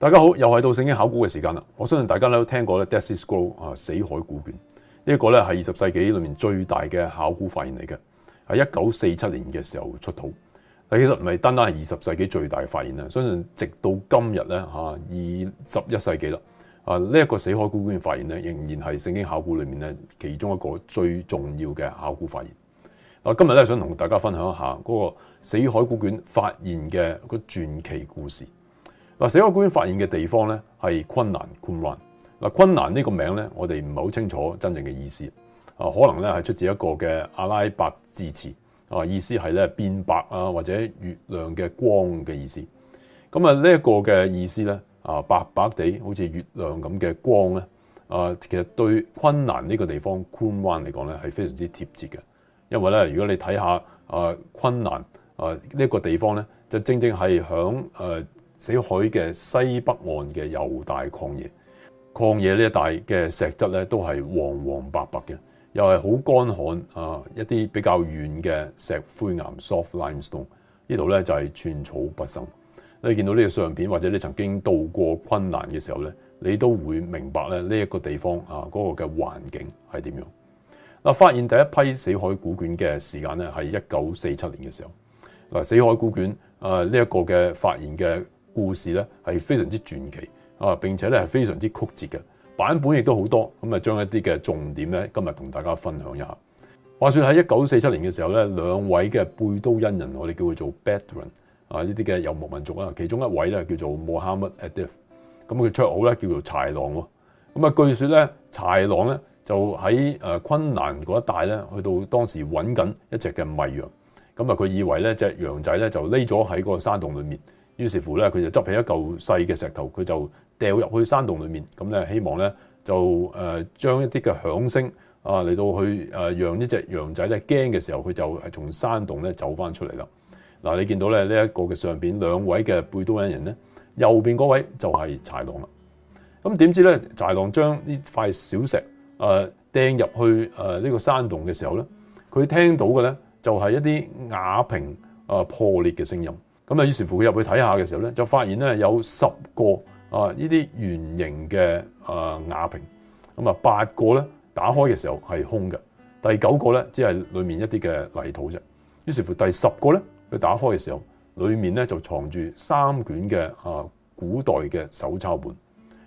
大家好，又係到聖經考古嘅時間啦。我相信大家都聽過咧 Dead Sea Scrolls 啊，死海古卷呢一個咧係二十世紀裏面最大嘅考古發現嚟嘅，喺一九四七年嘅時候出土。但其實唔係單單係二十世紀最大嘅發現啦，相信直到今日咧吓二十一世紀啦，啊呢一個死海古卷發現咧仍然係聖經考古裏面咧其中一個最重要嘅考古發現。我今日咧想同大家分享一下嗰個死海古卷發現嘅個傳奇故事。嗱，史瓦官發現嘅地方咧係昆蘭 Qumran。嗱，昆蘭呢個名咧，我哋唔係好清楚真正嘅意思。啊，可能咧係出自一個嘅阿拉伯字詞。啊，意思係咧變白啊，或者月亮嘅光嘅意思。咁啊，呢一個嘅意思咧，啊白白地好似月亮咁嘅光咧，啊其實對昆蘭呢個地方 Qumran 嚟講咧係非常之貼切嘅，因為咧如果你睇下啊昆蘭啊呢個地方咧，就正正係響誒。死海嘅西北岸嘅猶大曠野，曠野呢一帶嘅石質咧都係黃黃白白嘅，又係好乾旱啊！一啲比較軟嘅石灰岩 （soft limestone），呢度咧就係寸草不生。你見到呢個相片，或者你曾經度過困難嘅時候咧，你都會明白咧呢一個地方啊嗰個嘅環境係點樣。嗱，發現第一批死海古卷嘅時間咧係一九四七年嘅時候。嗱，死海古卷啊呢一個嘅發現嘅。故事咧係非常之傳奇啊，並且咧係非常之曲折嘅版本也很多，亦都好多咁啊，將一啲嘅重點咧今日同大家分享一下。話說喺一九四七年嘅時候咧，兩位嘅貝都因人，我哋叫佢做 Bedouin 啊，呢啲嘅遊牧民族啊，其中一位咧叫做 Mohammed Adib，咁佢綽號咧叫做豺狼。咁啊，據說咧豺狼咧就喺誒昆蘭嗰一帶咧，去到當時揾緊一隻嘅迷羊，咁啊佢以為咧隻羊仔咧就匿咗喺個山洞裡面。於是乎咧，佢就執起一嚿細嘅石頭，佢就掉入去山洞裏面。咁咧，希望咧就誒將一啲嘅響聲啊嚟到去誒讓呢隻羊仔咧驚嘅時候，佢就係從山洞咧走翻出嚟啦。嗱，你見到咧呢一個嘅上邊兩位嘅貝都恩人咧，右邊嗰位就係豺狼啦。咁點知咧豺狼將呢塊小石誒掟入去誒呢個山洞嘅時候咧，佢聽到嘅咧就係一啲瓦瓶誒破裂嘅聲音。咁啊，於是乎佢入去睇下嘅時候咧，就發現咧有十個啊，呢啲圓形嘅啊瓦瓶，咁啊八個咧打開嘅時候係空嘅，第九個咧只係裡面一啲嘅泥土啫。於是乎第十個咧，佢打開嘅時候，裡面咧就藏住三卷嘅啊古代嘅手抄本，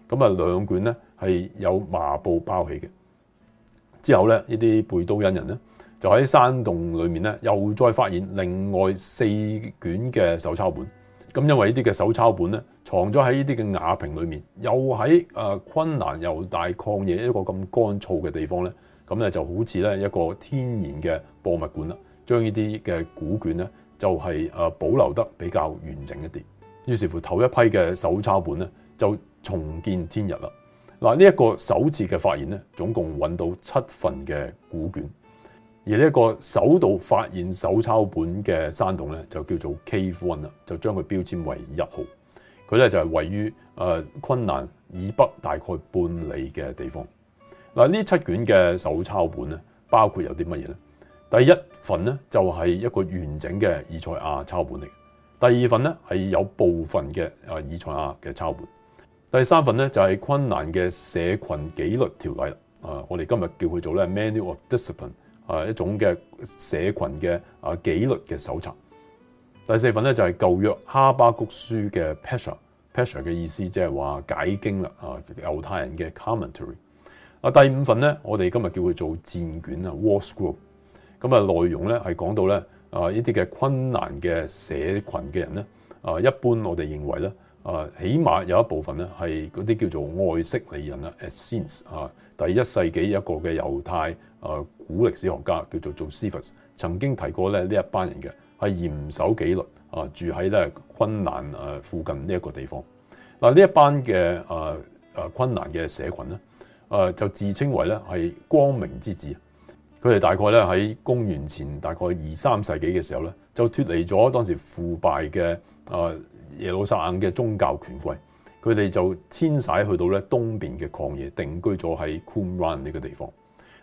咁啊兩卷咧係有麻布包起嘅。之後咧，呢啲貝都因人咧。就喺山洞裏面咧，又再發現另外四卷嘅手抄本。咁因為呢啲嘅手抄本咧，藏咗喺呢啲嘅瓦瓶裏面，又喺誒昆蘭又大曠野一個咁乾燥嘅地方咧，咁咧就好似咧一個天然嘅博物館啦，將呢啲嘅古卷咧就係誒保留得比較完整一啲。於是乎，頭一批嘅手抄本咧就重見天日啦。嗱，呢一個首次嘅發現咧，總共揾到七份嘅古卷。而呢一個首度發現手抄本嘅山洞咧，就叫做 K1 啦，就將佢標籤為一號。佢咧就係位於誒昆蘭以北大概半里嘅地方。嗱，呢七卷嘅手抄本咧，包括有啲乜嘢咧？第一份咧就係一個完整嘅以賽亞抄本嚟，第二份咧係有部分嘅誒以賽亞嘅抄本，第三份咧就係昆蘭嘅社群紀律條例啦。啊，我哋今日叫佢做咧 Manual of Discipline。一種嘅社群嘅啊紀律嘅搜查。第四份咧就係舊約哈巴谷書嘅 Pesher，Pesher 嘅意思即係話解經啦。啊，猶太人嘅 commentary。啊，第五份咧，我哋今日叫佢做戰卷啊 War Scroll 咁啊，內容咧係講到咧啊，呢啲嘅困難嘅社群嘅人咧啊，一般我哋認為咧啊，起碼有一部分咧係嗰啲叫做愛色尼人啊 Essenes 啊，第一世紀一個嘅猶太。啊，古歷史學家叫做做 Josephus 曾經提過咧呢一班人嘅係嚴守紀律啊，住喺咧昆蘭啊附近呢一個地方。嗱，呢一班嘅啊啊昆蘭嘅社群咧，啊就自稱為咧係光明之子。佢哋大概咧喺公元前大概二三世紀嘅時候咧，就脫離咗當時腐敗嘅啊耶路撒冷嘅宗教權貴，佢哋就遷徙去到咧東邊嘅曠野定居咗喺 Qumran 呢個地方。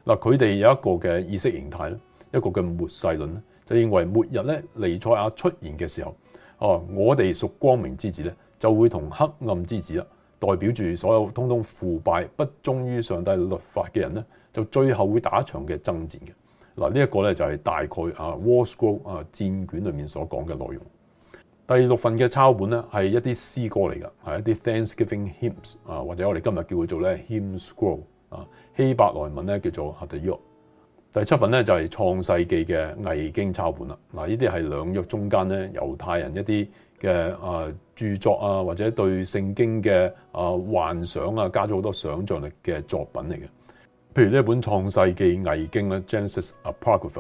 嗱，佢哋有一個嘅意識形態咧，一個嘅末世論咧，就認為末日咧，尼賽亞出現嘅時候，哦，我哋屬光明之子咧，就會同黑暗之子啦，代表住所有通通腐敗、不忠於上帝律法嘅人咧，就最後會打一場嘅爭戰嘅。嗱，呢一個咧就係大概啊 War Scroll 啊，戰卷裏面所講嘅內容。第六份嘅抄本咧，係一啲詩歌嚟㗎，係一啲 Thanksgiving Hymns 啊，或者我哋今日叫佢做咧 Hymn Scroll 啊。希伯來文咧叫做《哈地約》，第七份咧就係、是《創世記》嘅偽經抄本啦。嗱，呢啲係兩約中間咧，猶太人一啲嘅啊著作啊，或者對聖經嘅啊幻想啊，加咗好多想像力嘅作品嚟嘅。譬如呢一本《創世記》偽經咧，《Genesis Apocrypha》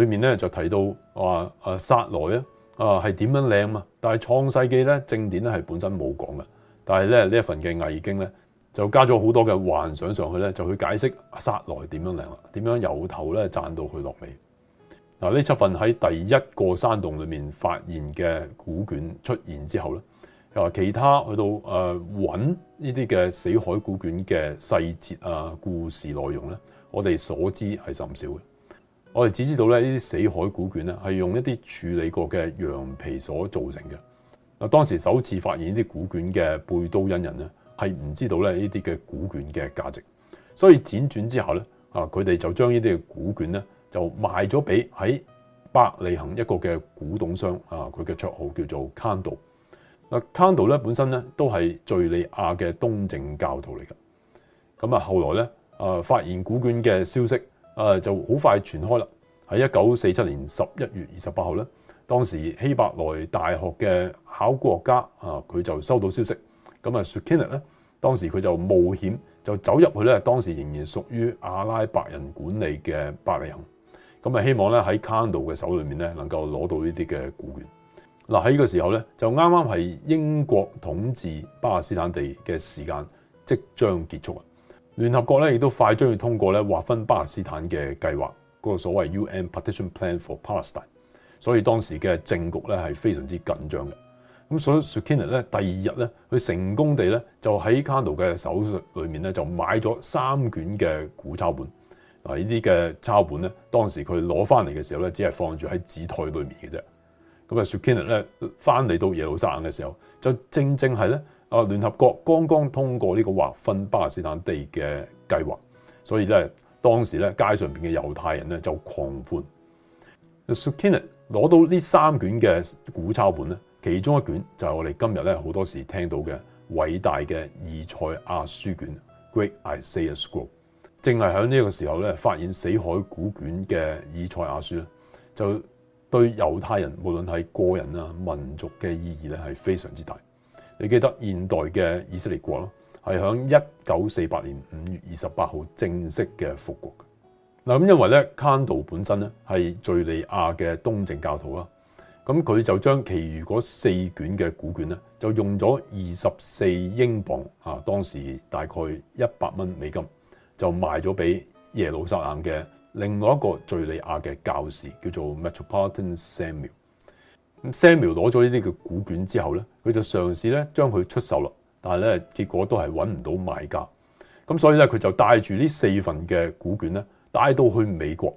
裏面咧就提到話啊，啊，撒萊啊啊係點樣靚嘛？但係《創世記》咧正典咧係本身冇講嘅，但係咧呢一份嘅偽經咧。就加咗好多嘅幻想上去咧，就去解釋沙奈點樣嚟啦，點樣由頭咧賺到去落尾。嗱，呢七份喺第一個山洞裏面發現嘅古卷出現之後咧，又話其他去到誒揾呢啲嘅死海古卷嘅細節啊、故事內容咧，我哋所知係甚少嘅。我哋只知道咧，呢啲死海古卷咧係用一啲處理過嘅羊皮所造成嘅。嗱，當時首次發現呢啲古卷嘅貝都因人咧。係唔知道咧呢啲嘅古卷嘅價值，所以輾轉之後咧，啊佢哋就將呢啲古卷咧就賣咗俾喺伯利恆一個嘅古董商啊，佢嘅綽號叫做 Kando。嗱，Kando 咧本身咧都係敍利亞嘅東正教徒嚟噶。咁啊，後來咧啊發現古卷嘅消息啊就好快傳開啦。喺一九四七年十一月二十八號咧，當時希伯來大學嘅考古學家啊，佢就收到消息。咁啊，Sukenik 咧，當時佢就冒險就走入去咧，當時仍然屬於阿拉伯人管理嘅伯利恆。咁啊，希望咧喺 Kando 嘅手裏面咧，能夠攞到呢啲嘅股權。嗱，喺呢個時候咧，就啱啱係英國統治巴勒斯坦地嘅時間即將結束啊！聯合國咧亦都快將要通過咧劃分巴勒斯坦嘅計劃，嗰、那個所謂 UN Partition Plan for Palestine。所以當時嘅政局咧係非常之緊張嘅。咁所以 Sukina 咧，第二日咧，佢成功地咧就喺卡奴嘅手術裏面咧，就買咗三卷嘅古抄本。嗱，呢啲嘅抄本咧，當時佢攞翻嚟嘅時候咧，只係放住喺紙袋裏面嘅啫。咁啊 Sukinat 咧翻嚟到耶路撒冷嘅時候，就正正係咧啊，聯合國剛剛通過呢個劃分巴勒斯坦地嘅計劃，所以咧當時咧街上邊嘅猶太人咧就狂歡。Sukina 攞到呢三卷嘅古抄本咧，其中一卷就係我哋今日咧好多時聽到嘅偉大嘅《以賽亞書卷》（Great Isaiah s c h o o l 正係喺呢個時候咧發現死海古卷嘅《以賽亞書》啦，就對猶太人無論係個人啊、民族嘅意義咧係非常之大。你記得現代嘅以色列國咯，係喺一九四八年五月二十八號正式嘅復國的。嗱咁因為咧，坎道本身咧係敍利亞嘅東正教徒啦。咁佢就將其餘嗰四卷嘅古卷咧，就用咗二十四英鎊啊，當時大概一百蚊美金，就賣咗俾耶路撒冷嘅另外一個敍利亞嘅教士，叫做 Metropolitan Samuel。Samuel 攞咗呢啲嘅古卷之後咧，佢就嘗試咧將佢出售啦，但係咧結果都係揾唔到賣家。咁所以咧佢就帶住呢四份嘅古卷咧，帶到去美國。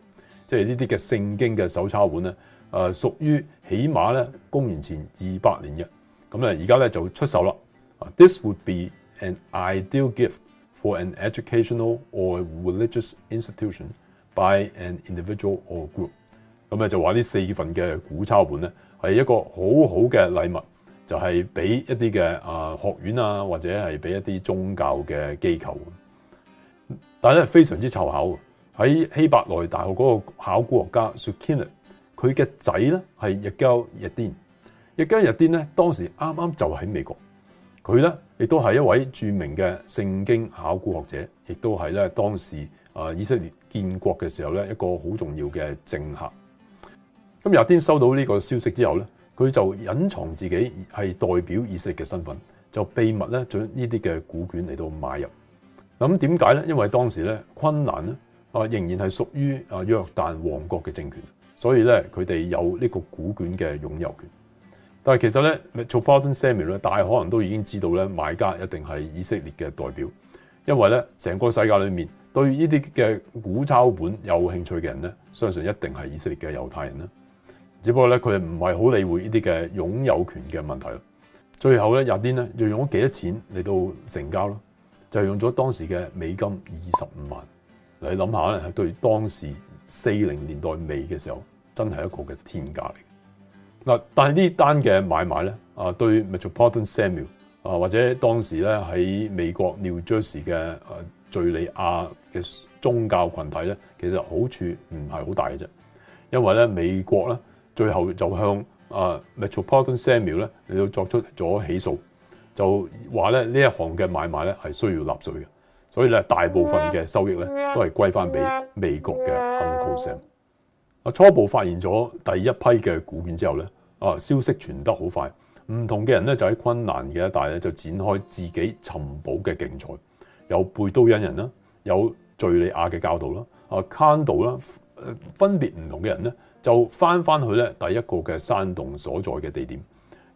即係呢啲嘅聖經嘅手抄本咧，誒屬於起碼咧公元前二百年嘅，咁而家咧就出手啦。This would be an ideal gift for an educational or religious institution by an individual or group。咁咧就話呢四份嘅古抄本咧係一個很好好嘅禮物，就係、是、俾一啲嘅啊學院啊或者係俾一啲宗教嘅機構。但係咧非常之湊巧。喺希伯來大學嗰個考古學家 Sukenik，佢嘅仔咧係日交日癲，日交日癲咧當時啱啱就喺美國，佢咧亦都係一位著名嘅聖經考古學者，亦都係咧當時啊以色列建國嘅時候咧一個好重要嘅政客。咁日癲收到呢個消息之後咧，佢就隱藏自己係代表以色列嘅身份，就秘密咧將呢啲嘅古卷嚟到買入。咁點解咧？因為當時咧昆蘭咧。啊，仍然係屬於啊約旦王國嘅政權，所以咧佢哋有呢個古卷嘅擁有權。但係其實咧 Michael Barton Samuel 咧，Sam 大可能都已經知道咧，買家一定係以色列嘅代表，因為咧成個世界裏面對呢啲嘅古抄本有興趣嘅人咧，相信一定係以色列嘅猶太人啦。只不過咧，佢唔係好理會呢啲嘅擁有權嘅問題咯。最後咧，Yadin 咧就用咗幾多錢嚟到成交咯？就用咗當時嘅美金二十五萬。你諗下咧，對當時四零年代尾嘅時候，真係一個嘅天價嚟。嗱，但係呢單嘅買賣咧，啊，對 Metropolitan Samuel 啊，或者當時咧喺美國 New Jersey 嘅敍利亞嘅宗教群體咧，其實好處唔係好大嘅啫。因為咧美國咧，最後就向啊 Metropolitan Samuel 咧，你要作出咗起訴，就話咧呢一行嘅買賣咧係需要納稅嘅。所以咧，大部分嘅收益咧都係歸翻俾美國嘅 Uncle Sam。啊，初步發現咗第一批嘅古卷之後咧，啊消息傳得好快，唔同嘅人咧就喺昆蘭嘅一帶咧就展開自己尋寶嘅競賽，有貝都因人啦，有敍利亞嘅教徒啦，啊，坎道啦，誒分別唔同嘅人咧就翻翻去咧第一個嘅山洞所在嘅地點。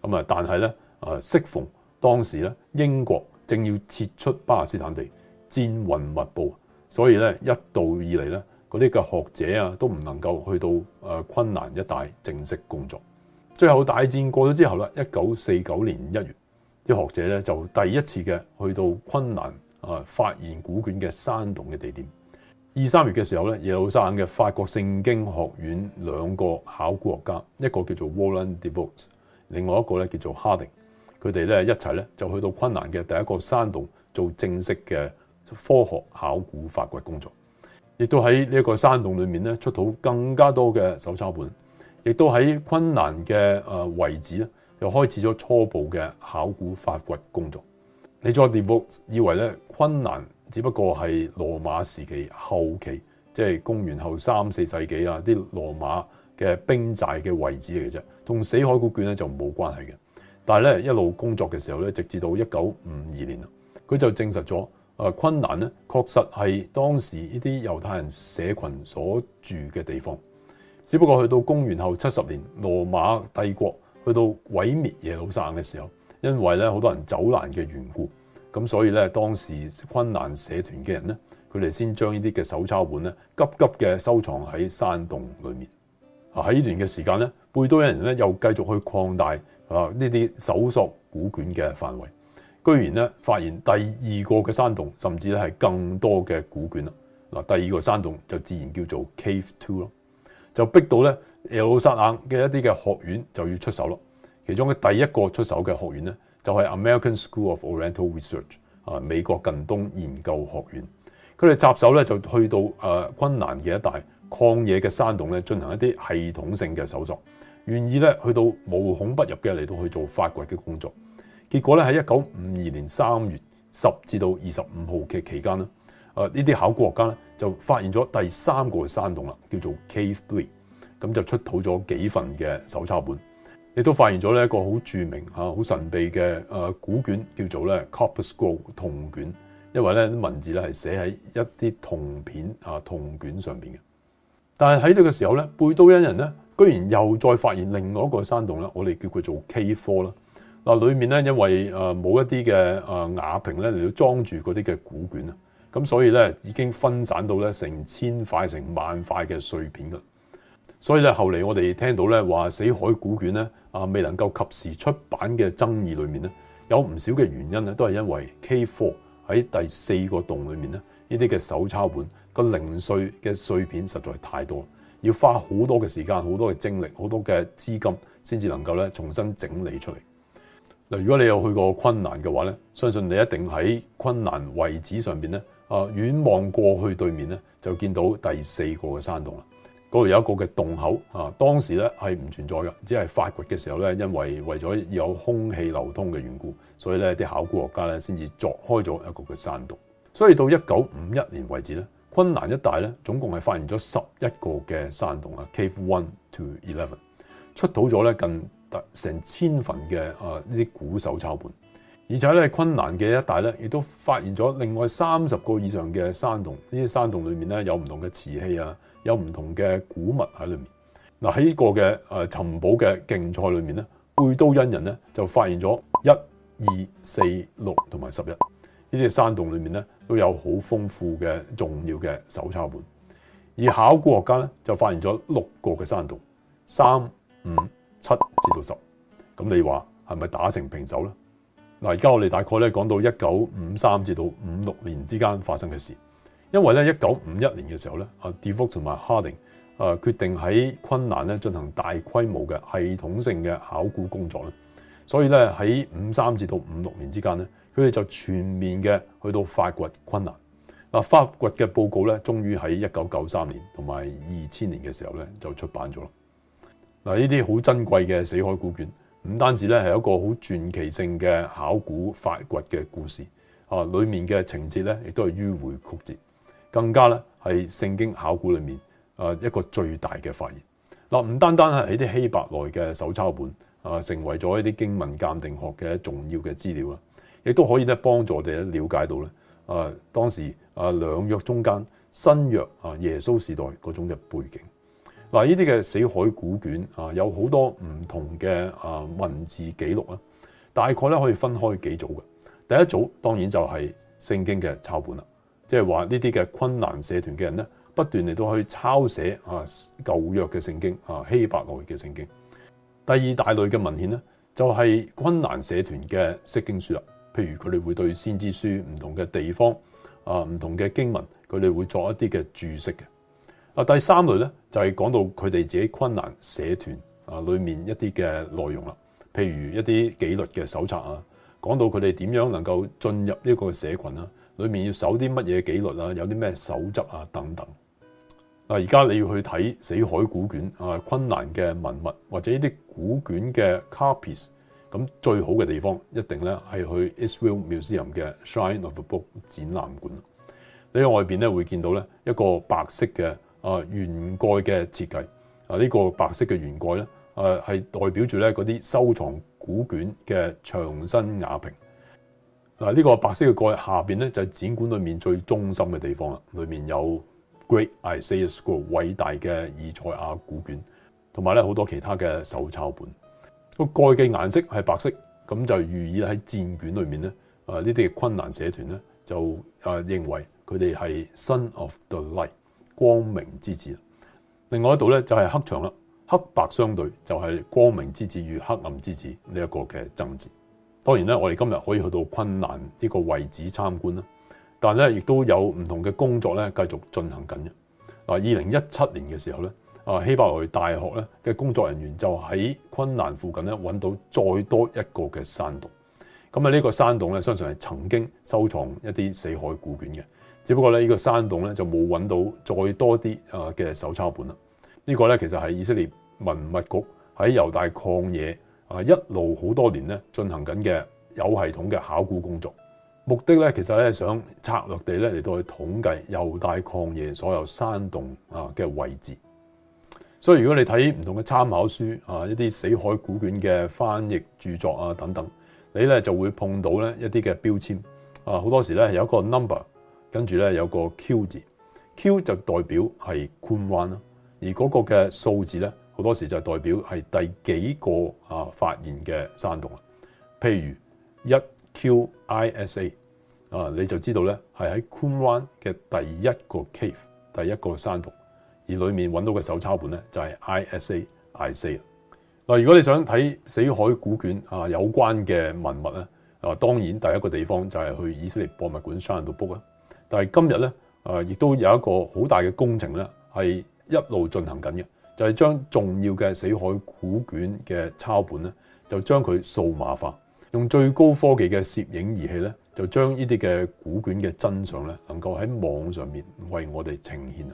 咁啊，但係咧啊，適逢當時咧英國正要撤出巴勒斯坦地。戰雲密佈，所以咧一度以嚟咧嗰啲嘅學者啊都唔能夠去到誒昆蘭一帶正式工作。最後大戰過咗之後咧，一九四九年一月啲學者咧就第一次嘅去到昆蘭啊發現古卷嘅山洞嘅地點。二三月嘅時候咧，耶路撒冷嘅法國聖經學院兩個考古學家，一個叫做 Wallen de Vos，另外一個咧叫做 Harding，佢哋咧一齊咧就去到昆蘭嘅第一個山洞做正式嘅科學考古發掘工作，亦都喺呢個山洞裏面咧出土更加多嘅手抄本，亦都喺昆蘭嘅位置咧，又開始咗初步嘅考古發掘工作。你再電報以為咧昆蘭只不過係羅馬時期後期，即係公元後三四世紀啊啲羅馬嘅兵寨嘅位置嚟嘅啫，同死海古卷咧就冇關係嘅。但係咧一路工作嘅時候咧，直至到一九五二年佢就證實咗。啊，昆蘭咧，確實係當時呢啲猶太人社群所住嘅地方。只不過去到公元後七十年，羅馬帝國去到毀滅耶路撒冷嘅時候，因為咧好多人走難嘅緣故，咁所以咧當時昆蘭社團嘅人咧，佢哋先將呢啲嘅手抄本咧，急急嘅收藏喺山洞裏面。啊，喺呢段嘅時間咧，貝都因人咧又繼續去擴大啊呢啲搜索古卷嘅範圍。居然咧發現第二個嘅山洞，甚至咧係更多嘅古卷啦。嗱，第二個山洞就自然叫做 Cave Two 咯，就逼到咧耶路撒冷嘅一啲嘅學院就要出手咯。其中嘅第一個出手嘅學院咧，就係 American School of Oriental Research 啊，美國近東研究學院。佢哋插手咧就去到誒昆蘭嘅一帶曠野嘅山洞咧，進行一啲系統性嘅搜索，願意咧去到無孔不入嘅嚟到去做發掘嘅工作。結果咧喺一九五二年三月十至到二十五號嘅期間呢，啊呢啲考古學家咧就發現咗第三個山洞啦，叫做 Cave Three，咁就出土咗幾份嘅手抄本，亦都發現咗呢一個好著名嚇、好神秘嘅誒古卷，叫做咧 Copper Scroll 銅卷，因為咧啲文字咧係寫喺一啲銅片啊銅卷上邊嘅。但係喺呢個時候咧，貝都因人咧居然又再發現另外一個山洞啦，我哋叫佢做 Cave Four 啦。4, 嗱，裏面咧，因為誒冇一啲嘅誒瓦瓶咧嚟到裝住嗰啲嘅古卷啊，咁所以咧已經分散到咧成千塊、成萬塊嘅碎片啦。所以咧後嚟我哋聽到咧話死海古卷咧啊，未能夠及時出版嘅爭議裏面咧，有唔少嘅原因咧，都係因為 K 科喺第四個洞裏面咧呢啲嘅手抄本個零碎嘅碎片實在太多，要花好多嘅時間、好多嘅精力、好多嘅資金先至能夠咧重新整理出嚟。嗱，如果你有去過昆蘭嘅話咧，相信你一定喺昆蘭位置上邊咧，啊遠望過去對面咧，就見到第四個嘅山洞啦。嗰度有一個嘅洞口啊，當時咧係唔存在嘅，只係發掘嘅時候咧，因為為咗有空氣流通嘅緣故，所以咧啲考古學家咧先至鑿開咗一個嘅山洞。所以到一九五一年為止咧，昆蘭一帶咧總共係發現咗十一個嘅山洞啊，Cave One to Eleven，出土咗咧近成千份嘅啊呢啲古手抄本，而且咧昆蘭嘅一帶咧，亦都發現咗另外三十個以上嘅山洞。呢啲山洞裏面咧有唔同嘅瓷器啊，有唔同嘅古物喺裏面。嗱喺呢個嘅誒尋寶嘅競賽裏面咧，貝都因人咧就發現咗一、二、四、六同埋十一呢啲山洞裏面咧都有好豐富嘅重要嘅手抄本。而考古學家咧就發現咗六個嘅山洞，三、五、七至到十，咁你話係咪打成平手呢？嗱，而家我哋大概咧講到一九五三至到五六年之間發生嘅事，因為咧一九五一年嘅時候咧，啊 de Vaux 同埋 Harding 決定喺昆蘭咧進行大規模嘅系統性嘅考古工作咧，所以咧喺五三至到五六年之間咧，佢哋就全面嘅去到發掘昆蘭，嗱發掘嘅報告咧，終於喺一九九三年同埋二千年嘅時候咧就出版咗啦。嗱，呢啲好珍貴嘅死海古卷，唔單止咧係一個好傳奇性嘅考古發掘嘅故事，啊，裏面嘅情節咧亦都係迂迴曲折，更加咧係聖經考古裏面啊一個最大嘅發現。嗱，唔單單係喺啲希伯來嘅手抄本啊，成為咗一啲經文鑑定學嘅重要嘅資料啦，亦都可以咧幫助我哋了解到咧啊當時啊兩約中間新約啊耶穌時代嗰種嘅背景。嗱，呢啲嘅死海古卷啊，有好多唔同嘅啊文字記錄啊，大概咧可以分開幾組嘅。第一組當然就係聖經嘅抄本啦，即係話呢啲嘅昆蘭社團嘅人咧，不斷嚟都可以抄寫啊舊約嘅聖經啊希伯來嘅聖經。第二大類嘅文獻咧，就係昆蘭社團嘅釋經書啦，譬如佢哋會對先知書唔同嘅地方啊唔同嘅經文，佢哋會作一啲嘅注釋嘅。啊，第三類咧就係講到佢哋自己昆蘭社團啊裏面一啲嘅內容啦，譬如一啲紀律嘅手冊啊，講到佢哋點樣能夠進入呢個社群啊，裏面要守啲乜嘢紀律啊，有啲咩守則啊等等。而家你要去睇死海古卷啊，昆蘭嘅文物或者一啲古卷嘅 copies，咁最好嘅地方一定咧係去、e、Israel Museum 嘅 Shrine of the Book 展覽館。你喺外面咧會見到咧一個白色嘅。啊，圓蓋嘅設計啊，呢個白色嘅圓蓋咧，誒係代表住咧嗰啲收藏古卷嘅長身雅瓶。嗱，呢個白色嘅蓋下邊咧就係展館裏面最中心嘅地方啦。裏面有 Great Isaiah Scroll 偉大嘅以賽亞古卷，同埋咧好多其他嘅手抄本。個蓋嘅顏色係白色，咁就寓意喺戰卷裏面咧。誒呢啲嘅昆蘭社團咧就誒認為佢哋係 Son of the Light。光明之子，另外一度咧就係黑牆啦，黑白相對就係、是、光明之子與黑暗之子呢一個嘅爭戰。當然咧，我哋今日可以去到昆蘭呢個位置參觀啦，但咧亦都有唔同嘅工作咧繼續進行緊嘅。嗱，二零一七年嘅時候咧，啊，希伯來大學咧嘅工作人員就喺昆蘭附近咧揾到再多一個嘅山洞，咁啊呢個山洞咧，相信係曾經收藏一啲死海古卷嘅。只不過咧，呢個山洞咧就冇揾到再多啲啊嘅手抄本啦。呢個咧其實係以色列文物局喺猶大曠野啊一路好多年咧進行緊嘅有系統嘅考古工作，目的咧其實咧想策略地咧嚟到去統計猶大曠野所有山洞啊嘅位置。所以如果你睇唔同嘅參考書啊，一啲死海古卷嘅翻譯著作啊等等，你咧就會碰到咧一啲嘅標籤啊，好多時咧有一個 number。跟住咧有個 Q 字，Q 就代表係昆灣啦。而嗰個嘅數字咧，好多時就代表係第幾個啊發現嘅山洞。譬如一 Q I S A 啊，你就知道咧係喺昆灣嘅第一個 cave，第一個山洞。而裏面揾到嘅手抄本咧就係 I S A I C 嗱，如果你想睇死海古卷啊有關嘅文物咧啊，當然第一個地方就係去以色列博物館山度 book 啦。但係今日咧，誒亦都有一個好大嘅工程咧，係一路進行緊嘅，就係將重要嘅死海古卷嘅抄本咧，就將佢數碼化，用最高科技嘅攝影儀器咧，就將呢啲嘅古卷嘅真相咧，能夠喺網上面為我哋呈現啊！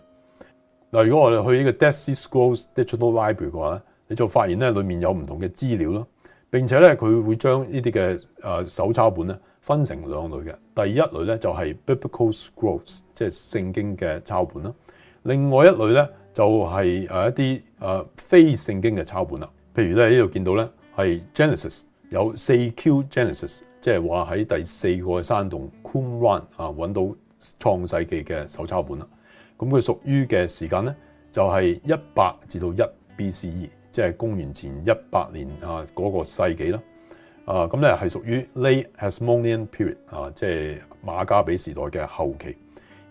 嗱，如果我哋去呢個 Dead Sea Scrolls Digital Library 嘅話咧，你就發現咧，裏面有唔同嘅資料啦，並且咧佢會將呢啲嘅誒手抄本咧，分成兩類嘅，第一類咧就係 Biblical scrolls，即係聖經嘅抄本啦。另外一類咧就係誒一啲誒非聖經嘅抄本啦。譬如咧呢度見到咧係 Genesis 有四 Q Genesis，即係話喺第四個山洞 Qumran 啊揾到創世記嘅手抄本啦。咁佢屬於嘅時間咧就係一百至到一 BCE，即係公元前一百年啊嗰個世紀啦。啊，咁咧係屬於 Late Hasmonean Period 啊，即係馬加比時代嘅後期。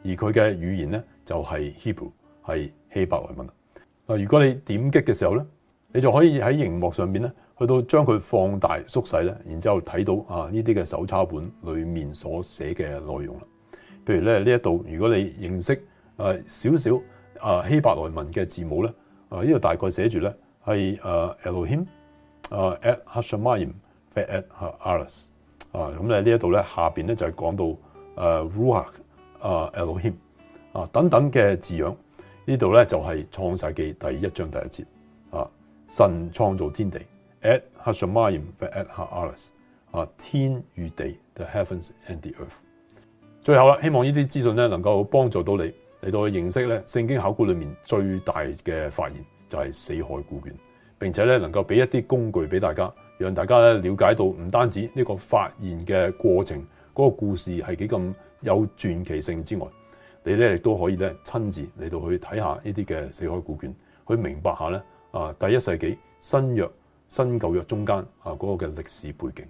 而佢嘅語言咧就係、是、Hebrew，係希伯來文。嗱，如果你點擊嘅時候咧，你就可以喺熒幕上面咧去到將佢放大縮細咧，然之後睇到啊呢啲嘅手抄本裏面所寫嘅內容啦。譬如咧呢一度，如果你認識少少啊希伯來文嘅字母咧，啊呢度大概寫住咧係 Elohim 啊 At Hashemayim。Faith at her 阿阿拉斯啊，咁咧呢一度咧下邊咧就係講到誒 ruach 誒 Elohim 啊等等嘅字樣，呢度咧就係創世記第一章第一節啊，神創造天地 at 哈上馬鹽 at 哈阿拉斯啊天與地 the heavens and the earth。最後啦，希望呢啲資訊咧能夠幫助到你嚟到去認識咧聖經考古裏面最大嘅發現就係死海古卷，並且咧能夠俾一啲工具俾大家。讓大家咧瞭解到唔單止呢個發現嘅過程，嗰、嗰個故事係幾咁有傳奇性之外，你咧亦都可以咧親自嚟到去睇下呢啲嘅死海古卷，去明白下咧啊第一世紀新約新舊約中間啊嗰個嘅歷史背景。